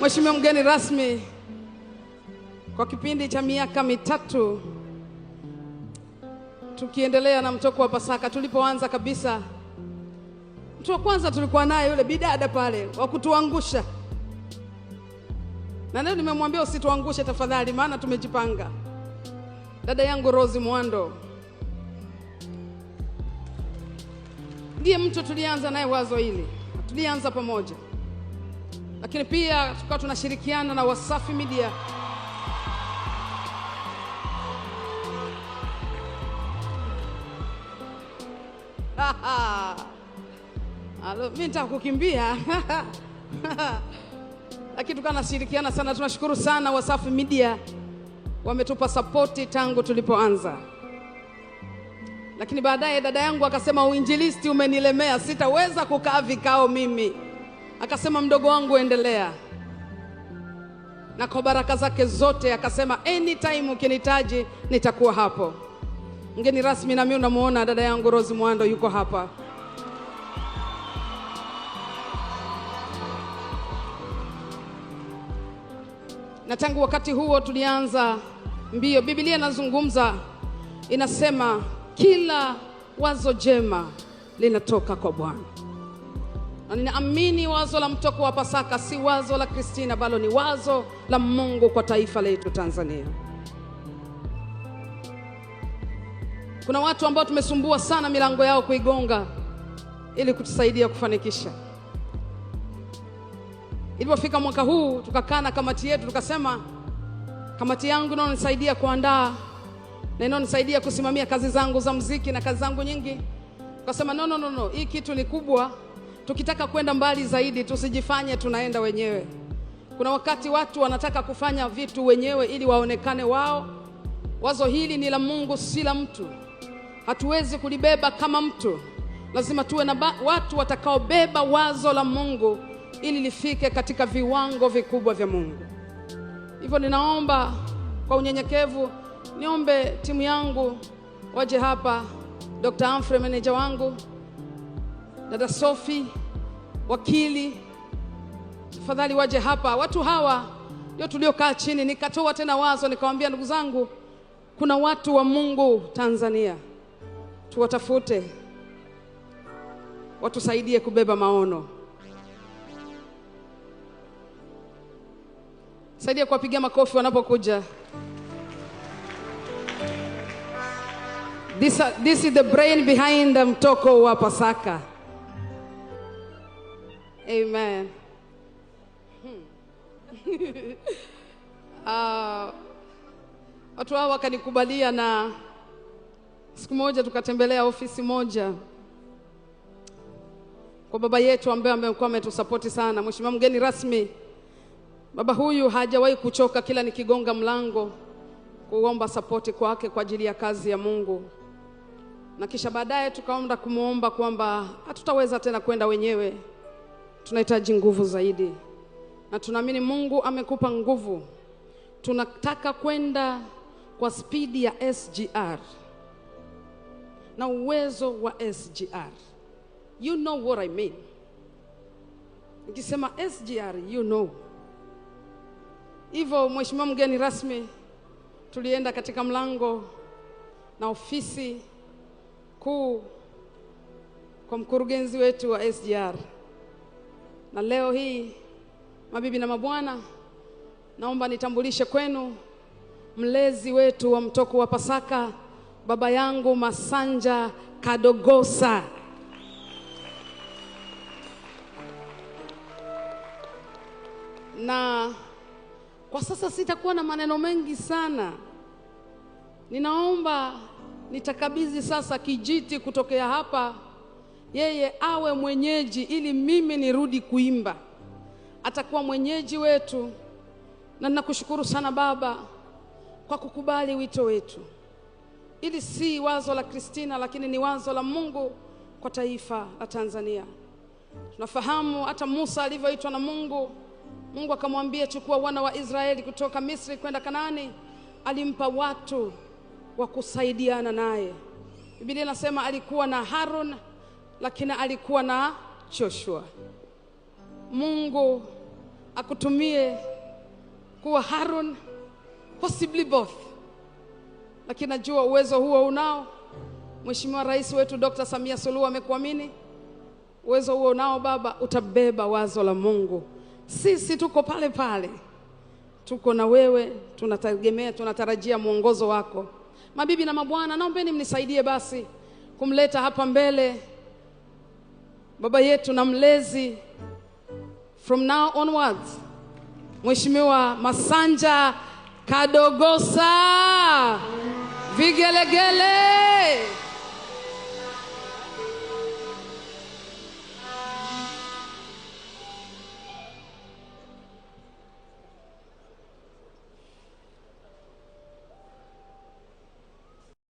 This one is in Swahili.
Mheshimiwa mgeni rasmi, kwa kipindi cha miaka mitatu tukiendelea na mtoko wa Pasaka, tulipoanza kabisa, mtu wa kwanza tulikuwa naye yule bidada pale wa kutuangusha, na leo nimemwambia usituangushe tafadhali, maana tumejipanga. Dada yangu Rose Mwando ndiye mtu tulianza naye wazo hili, tulianza pamoja lakini pia tukawa tunashirikiana na Wasafi Media mi nitaka kukimbia lakini tukawa nashirikiana sana. Tunashukuru sana Wasafi Media, wametupa sapoti tangu tulipoanza. Lakini baadaye dada yangu akasema, uinjilisti umenilemea, sitaweza kukaa vikao mimi akasema, mdogo wangu endelea. Na kwa baraka zake zote akasema, anytime ukinitaji nitakuwa hapo. Mgeni rasmi, nami unamuona dada yangu Rose mwando yuko hapa. Na tangu wakati huo tulianza mbio. Biblia inazungumza inasema, kila wazo jema linatoka kwa Bwana na ninaamini wazo la mtoko wa Pasaka si wazo la Kristina, bali ni wazo la Mungu kwa taifa letu Tanzania. Kuna watu ambao tumesumbua sana milango yao kuigonga ili kutusaidia kufanikisha. Ilipofika mwaka huu, tukakaa na kamati yetu, tukasema kamati yangu inayonisaidia kuandaa na inayonisaidia kusimamia kazi zangu za mziki na kazi zangu nyingi, tukasema no, no, no, no, hii kitu ni kubwa Tukitaka kwenda mbali zaidi, tusijifanye tunaenda wenyewe. Kuna wakati watu wanataka kufanya vitu wenyewe ili waonekane wao. Wazo hili ni la Mungu, si la mtu. Hatuwezi kulibeba kama mtu, lazima tuwe na watu watakaobeba wazo la Mungu ili lifike katika viwango vikubwa vya Mungu. Hivyo ninaomba kwa unyenyekevu, niombe timu yangu waje hapa, Dr. anfre meneja wangu dada Sofi, wakili, tafadhali waje hapa. Watu hawa ndio tuliokaa chini, nikatoa tena wazo, nikamwambia ndugu zangu, kuna watu wa Mungu Tanzania, tuwatafute watusaidie kubeba maono, saidia kuwapigia makofi wanapokuja. This, this is the brain behind mtoko wa Pasaka. Amen. Hmm. uh, watu hao wakanikubalia na siku moja tukatembelea ofisi moja kwa baba yetu ambaye amekuwa ametusapoti sana, mheshimiwa mgeni rasmi. Baba huyu hajawahi kuchoka, kila nikigonga mlango kuomba sapoti kwake kwa ajili ya kazi ya Mungu, na kisha baadaye tukaomba kumwomba kwamba hatutaweza tena kwenda wenyewe tunahitaji nguvu zaidi, na tunaamini Mungu amekupa nguvu. Tunataka kwenda kwa spidi ya SGR na uwezo wa SGR. You know what I mean. Nikisema SGR, you know. Hivyo mheshimiwa mgeni rasmi, tulienda katika mlango na ofisi kuu kwa mkurugenzi wetu wa SGR na leo hii mabibi na mabwana, naomba nitambulishe kwenu mlezi wetu wa mtoko wa Pasaka, baba yangu Masanja Kadogosa. Na kwa sasa sitakuwa na maneno mengi sana, ninaomba nitakabidhi sasa kijiti kutokea hapa yeye awe mwenyeji ili mimi nirudi kuimba. Atakuwa mwenyeji wetu, na ninakushukuru sana Baba kwa kukubali wito wetu. Ili si wazo la Kristina, lakini ni wazo la Mungu kwa taifa la Tanzania. Tunafahamu hata Musa alivyoitwa na Mungu, Mungu akamwambia chukua wana wa Israeli kutoka Misri kwenda Kanaani, alimpa watu wa kusaidiana naye. Biblia inasema alikuwa na Harun lakini alikuwa na Joshua. Mungu akutumie kuwa Harun, possibly both, lakini najua uwezo huo unao. Mheshimiwa Rais wetu Dr. Samia Suluhu amekuamini, uwezo huo unao baba, utabeba wazo la Mungu. Sisi tuko pale pale, tuko na wewe, tunategemea, tunatarajia mwongozo wako. Mabibi na mabwana, naombeni mnisaidie basi kumleta hapa mbele baba yetu na mlezi from now onwards Mheshimiwa Masanja Kadogosa Vigelegele.